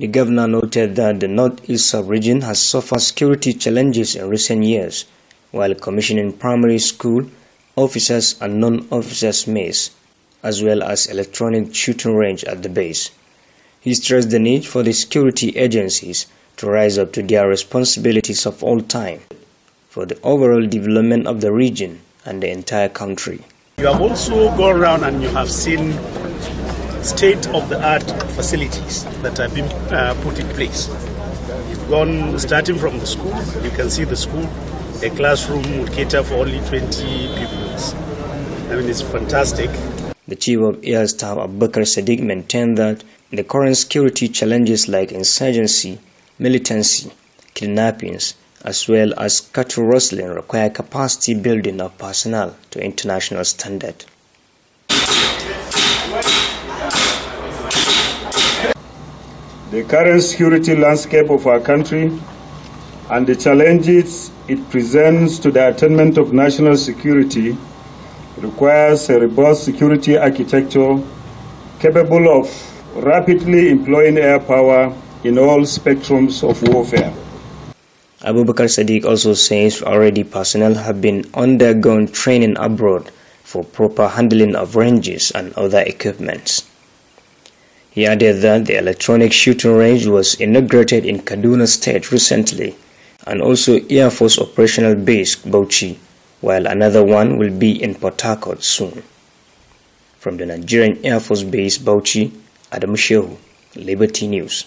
The governor noted that the northeast sub-region has suffered security challenges in recent years, while commissioning primary school, officers and non-officers mess, as well as electronic shooting range at the base. He stressed the need for the security agencies to rise up to their responsibilities of all time for the overall development of the region and the entire country. You have also gone around and you have seen state of the art facilities that have been uh, put in place. We've gone starting from the school, you can see the school, a classroom would cater for only 20 pupils. I mean, it's fantastic. The chief of air staff Abubakar Sadiq maintained that the current security challenges like insurgency, militancy, kidnappings, as well as cattle rustling require capacity building of personnel to international standard the current security landscape of our country and the challenges it presents to the attainment of national security requires a robust security architecture capable of rapidly employing air power in all spectrums of warfare. Abu Bakr Sadiq also says already personnel have been undergone training abroad for proper handling of ranges and other equipments. He added that the electronic shooting range was inaugurated in Kaduna State recently and also Air Force Operational Base Bauchi, while another one will be in Port Harcourt soon. From the Nigerian Air Force Base Bauchi, Adam Shehu, Liberty News.